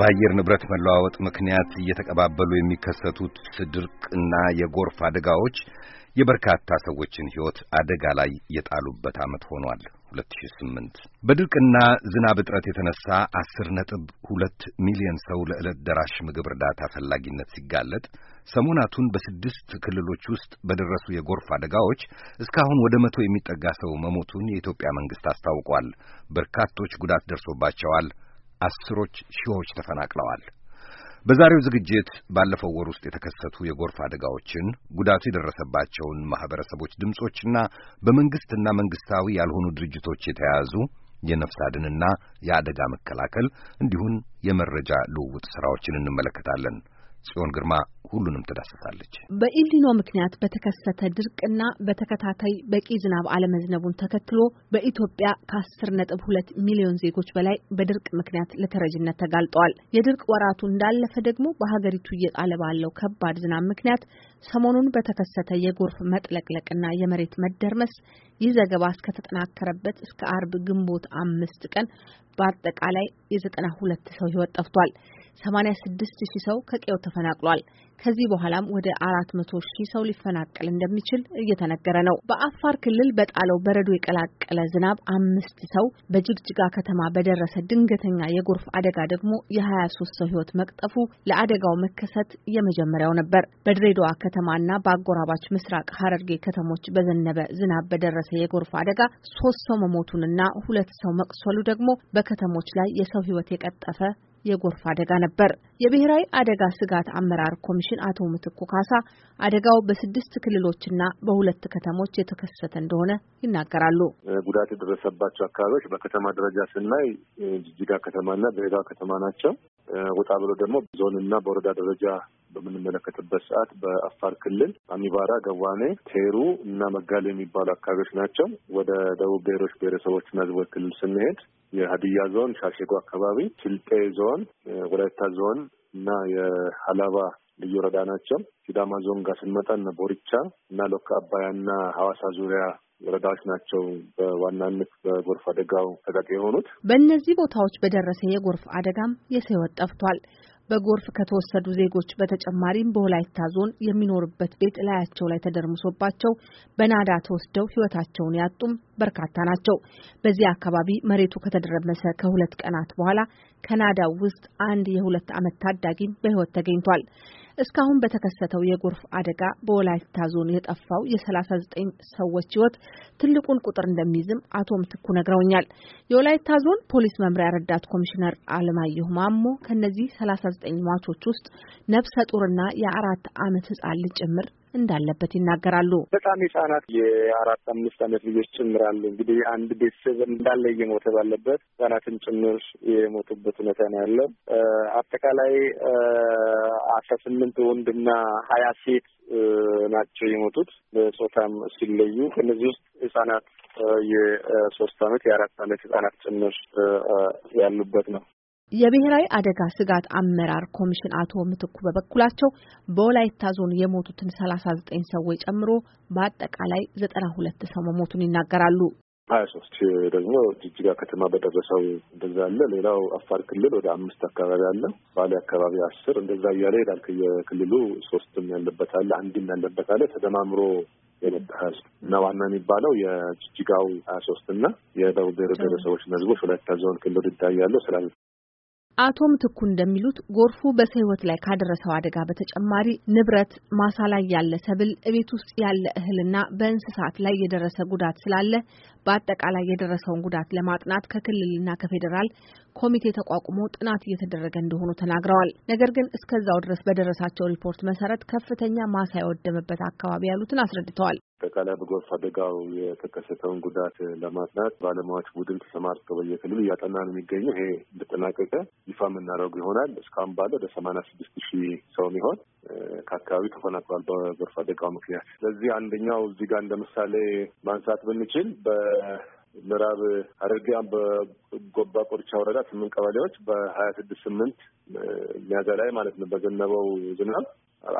በአየር ንብረት መለዋወጥ ምክንያት እየተቀባበሉ የሚከሰቱት ድርቅና የጎርፍ አደጋዎች የበርካታ ሰዎችን ሕይወት አደጋ ላይ የጣሉበት ዓመት ሆኗል። 2008 በድርቅና ዝናብ እጥረት የተነሳ 10 ነጥብ 2 ሚሊዮን ሰው ለዕለት ደራሽ ምግብ እርዳታ ፈላጊነት ሲጋለጥ ሰሞናቱን በስድስት ክልሎች ውስጥ በደረሱ የጎርፍ አደጋዎች እስካሁን ወደ መቶ የሚጠጋ ሰው መሞቱን የኢትዮጵያ መንግስት አስታውቋል። በርካቶች ጉዳት ደርሶባቸዋል። አስሮች ሺዎች ተፈናቅለዋል። በዛሬው ዝግጅት ባለፈው ወር ውስጥ የተከሰቱ የጎርፍ አደጋዎችን፣ ጉዳቱ የደረሰባቸውን ማህበረሰቦች ድምጾችና በመንግስትና መንግስታዊ ያልሆኑ ድርጅቶች የተያያዙ የነፍስ አድንና የአደጋ መከላከል እንዲሁም የመረጃ ልውውጥ ስራዎችን እንመለከታለን። ጽዮን ግርማ ሁሉንም ትዳስሳለች። በኢልዲኖ ምክንያት በተከሰተ ድርቅና በተከታታይ በቂ ዝናብ አለመዝነቡን ተከትሎ በኢትዮጵያ ከአስር ነጥብ ሁለት ሚሊዮን ዜጎች በላይ በድርቅ ምክንያት ለተረጅነት ተጋልጠዋል። የድርቅ ወራቱ እንዳለፈ ደግሞ በሀገሪቱ እየጣለ ባለው ከባድ ዝናብ ምክንያት ሰሞኑን በተከሰተ የጎርፍ መጥለቅለቅና የመሬት መደርመስ ይህ ዘገባ እስከተጠናከረበት እስከ አርብ ግንቦት አምስት ቀን በአጠቃላይ የዘጠና ሁለት ሰው ህይወት ጠፍቷል። 86 ሺህ ሰው ከቀየው ተፈናቅሏል። ከዚህ በኋላም ወደ 400 ሺህ ሰው ሊፈናቀል እንደሚችል እየተነገረ ነው። በአፋር ክልል በጣለው በረዶ የቀላቀለ ዝናብ አምስት ሰው፣ በጅግጅጋ ከተማ በደረሰ ድንገተኛ የጎርፍ አደጋ ደግሞ የ23 ሰው ህይወት መቅጠፉ ለአደጋው መከሰት የመጀመሪያው ነበር። በድሬዳዋ ከተማና በአጎራባች ምስራቅ ሀረርጌ ከተሞች በዘነበ ዝናብ በደረሰ የጎርፍ አደጋ ሶስት ሰው መሞቱንና ሁለት ሰው መቁሰሉ ደግሞ በከተሞች ላይ የሰው ሕይወት የቀጠፈ የጎርፍ አደጋ ነበር። የብሔራዊ አደጋ ስጋት አመራር ኮሚሽን አቶ ምትኩ ካሳ አደጋው በስድስት ክልሎችና በሁለት ከተሞች የተከሰተ እንደሆነ ይናገራሉ። ጉዳት የደረሰባቸው አካባቢዎች በከተማ ደረጃ ስናይ ጅጅጋ ከተማና ድሬዳዋ ከተማ ናቸው። ወጣ ብሎ ደግሞ ዞንና በወረዳ ደረጃ በምንመለከትበት ሰዓት በአፋር ክልል አሚባራ፣ ገዋኔ፣ ቴሩ እና መጋሌ የሚባሉ አካባቢዎች ናቸው። ወደ ደቡብ ብሔሮች ብሔረሰቦችና ሕዝቦች ክልል ስንሄድ የሀዲያ ዞን ሻሸጎ አካባቢ፣ ስልጤ ዞን፣ ወላይታ ዞን እና የሀላባ ልዩ ወረዳ ናቸው። ሲዳማ ዞን ጋር ስንመጣ ቦሪቻ እና ሎካ እና ሀዋሳ ዙሪያ ወረዳዎች ናቸው በዋናነት በጎርፍ አደጋው ተጠቂ የሆኑት። በእነዚህ ቦታዎች በደረሰ የጎርፍ አደጋም የሰው ሕይወት ጠፍቷል። በጎርፍ ከተወሰዱ ዜጎች በተጨማሪም በወላይታ ዞን የሚኖርበት ቤት ላያቸው ላይ ተደርምሶባቸው በናዳ ተወስደው ሕይወታቸውን ያጡም በርካታ ናቸው። በዚህ አካባቢ መሬቱ ከተደረመሰ ከሁለት ቀናት በኋላ ካናዳ ውስጥ አንድ የሁለት ዓመት ታዳጊም በሕይወት ተገኝቷል። እስካሁን በተከሰተው የጎርፍ አደጋ በወላይታ ዞን የጠፋው የ39 ሰዎች ሕይወት ትልቁን ቁጥር እንደሚይዝም አቶ ምትኩ ነግረውኛል። የወላይታ ዞን ፖሊስ መምሪያ ረዳት ኮሚሽነር አለማየሁ ማሞ ከእነዚህ 39 ሟቾች ውስጥ ነፍሰ ጡርና የአራት ዓመት ህጻን ልጅ ጭምር እንዳለበት ይናገራሉ። በጣም ህጻናት የአራት አምስት አመት ልጆች ጭምር አሉ። እንግዲህ አንድ ቤተሰብ እንዳለ እየሞተ ባለበት ህጻናትን ጭምር የሞቱበት ሁኔታ ነው ያለው። አጠቃላይ አስራ ስምንት ወንድና ሀያ ሴት ናቸው የሞቱት በጾታም ሲለዩ። ከነዚህ ውስጥ ህጻናት የሶስት አመት የአራት አመት ህጻናት ጭምር ያሉበት ነው። የብሔራዊ አደጋ ስጋት አመራር ኮሚሽን አቶ ምትኩ በበኩላቸው በወላይታ ዞን የሞቱትን ሰላሳ ዘጠኝ ሰዎች ጨምሮ በአጠቃላይ ዘጠና ሁለት ሰው መሞቱን ይናገራሉ። ሀያ ሶስት ደግሞ ጅጅጋ ከተማ በደረሰው እንደዛ አለ። ሌላው አፋር ክልል ወደ አምስት አካባቢ አለ። ባሌ አካባቢ አስር እንደዛ እያለ ይሄዳል። የክልሉ ሶስትም ያለበት አለ፣ አንድም ያለበት አለ። ተደማምሮ የመጣ ህዝብ እና ዋና የሚባለው የጅጅጋው ሀያ ሶስት እና የደቡብ ብሔር ብሔረሰቦችና ህዝቦች ወላይታ ዞን ክልል ይታያለው ስላለ አቶ ምትኩ እንደሚሉት ጎርፉ በሰው ሕይወት ላይ ካደረሰው አደጋ በተጨማሪ ንብረት፣ ማሳ ላይ ያለ ሰብል፣ እቤት ውስጥ ያለ እህልና በእንስሳት ላይ የደረሰ ጉዳት ስላለ በአጠቃላይ የደረሰውን ጉዳት ለማጥናት ከክልልና ከፌዴራል ኮሚቴ ተቋቁሞ ጥናት እየተደረገ እንደሆኑ ተናግረዋል። ነገር ግን እስከዛው ድረስ በደረሳቸው ሪፖርት መሰረት ከፍተኛ ማሳ የወደመበት አካባቢ ያሉትን አስረድተዋል። አጠቃላይ በጎርፍ አደጋው የተከሰተውን ጉዳት ለማጥናት ባለሙያዎች ቡድን ተሰማርተው በየክልሉ እያጠና ነው የሚገኘው። ይሄ እንደጠናቀቀ ይፋ የምናደርገው ይሆናል። እስካሁን ባለ ወደ ሰማንያ ስድስት ሺህ ሰው የሚሆን ከአካባቢ ተፈናቅሏል በጎርፍ አደጋው ምክንያት። ስለዚህ አንደኛው እዚህ ጋር እንደ ምሳሌ ማንሳት ብንችል በምዕራብ ሐረርጌያን በጎባ ቆርቻ ወረዳ ስምንት ቀበሌዎች በሀያ ስድስት ስምንት ሚያዝያ ላይ ማለት ነው በዘነበው ዝናብ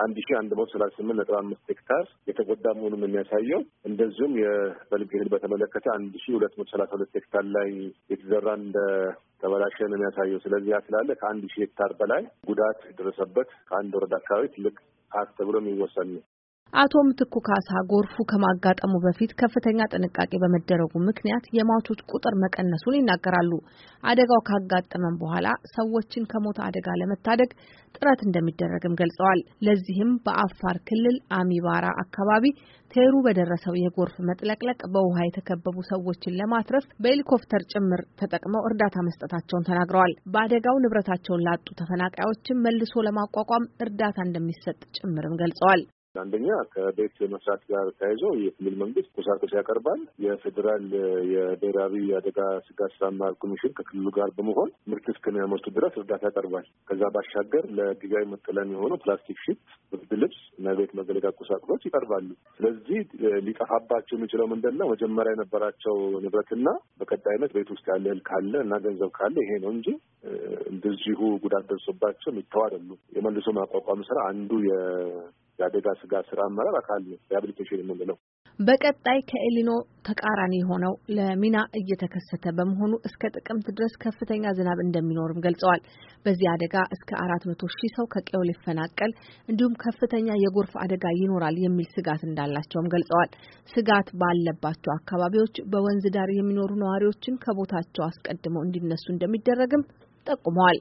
አንድ ሺ አንድ መቶ ሰላሳ ስምንት ነጥብ አምስት ሄክታር የተጎዳ መሆኑን የሚያሳየው እንደዚሁም የበልግ እህል በተመለከተ አንድ ሺ ሁለት መቶ ሰላሳ ሁለት ሄክታር ላይ የተዘራ እንደ ተበላሸ ነው የሚያሳየው። ስለዚህ ያ ስላለ ከአንድ ሺ ሄክታር በላይ ጉዳት የደረሰበት ከአንድ ወረዳ አካባቢ ትልቅ አት ተብሎ የሚወሰን ነው። አቶ ምትኩ ካሳ ጎርፉ ከማጋጠሙ በፊት ከፍተኛ ጥንቃቄ በመደረጉ ምክንያት የሟቾች ቁጥር መቀነሱን ይናገራሉ። አደጋው ካጋጠመም በኋላ ሰዎችን ከሞት አደጋ ለመታደግ ጥረት እንደሚደረግም ገልጸዋል። ለዚህም በአፋር ክልል አሚባራ አካባቢ ቴሩ በደረሰው የጎርፍ መጥለቅለቅ በውሃ የተከበቡ ሰዎችን ለማትረፍ በሄሊኮፕተር ጭምር ተጠቅመው እርዳታ መስጠታቸውን ተናግረዋል። በአደጋው ንብረታቸውን ላጡ ተፈናቃዮችን መልሶ ለማቋቋም እርዳታ እንደሚሰጥ ጭምርም ገልጸዋል። አንደኛ ከቤት መስራት ጋር ተያይዞ የክልል መንግስት ቁሳቁስ ያቀርባል። የፌዴራል የብሔራዊ የአደጋ ስጋት ስራ አመራር ኮሚሽን ከክልሉ ጋር በመሆን ምርት እስከሚያመርቱ ድረስ እርዳታ ያቀርባል። ከዛ ባሻገር ለጊዜያዊ መጠለያ የሆኑ ፕላስቲክ ሽት፣ ብርድ ልብስ እና ቤት መገልገያ ቁሳቁሶች ይቀርባሉ። ስለዚህ ሊጠፋባቸው የሚችለው ምንድን ነው? መጀመሪያ የነበራቸው ንብረትና በቀጣይነት ቤት ውስጥ ያለ እህል ካለ እና ገንዘብ ካለ ይሄ ነው እንጂ እንደዚሁ ጉዳት ደርሶባቸው የሚተው አይደሉም። የመልሶ ማቋቋም ስራ አንዱ የአደጋ ስጋት ስራ አመራር አካል ነው ሪሃብሊቴሽን የምንለው። በቀጣይ ከኤሊኖ ተቃራኒ የሆነው ለሚና እየተከሰተ በመሆኑ እስከ ጥቅምት ድረስ ከፍተኛ ዝናብ እንደሚኖርም ገልጸዋል። በዚህ አደጋ እስከ አራት መቶ ሺህ ሰው ከቀዬው ሊፈናቀል እንዲሁም ከፍተኛ የጎርፍ አደጋ ይኖራል የሚል ስጋት እንዳላቸውም ገልጸዋል። ስጋት ባለባቸው አካባቢዎች በወንዝ ዳር የሚኖሩ ነዋሪዎችን ከቦታቸው አስቀድመው እንዲነሱ እንደሚደረግም ጠቁመዋል።